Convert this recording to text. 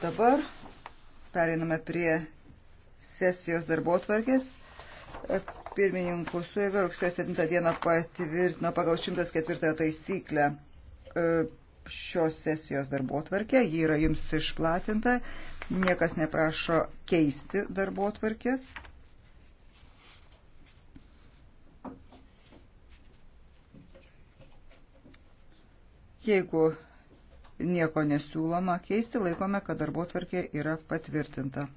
Dabar periname prie sesijos darbo tvarkės. Pirmininkų suėga rugsėjo 7 dieną patvirtino pagal 104 taisyklę e, šios sesijos darbo tvarkė. Ji yra jums išplatinta. Niekas neprašo keisti darbo tvarkės. Jeigu nieko nesiūloma keisti, laikome, kad darbo tvarkė yra patvirtinta.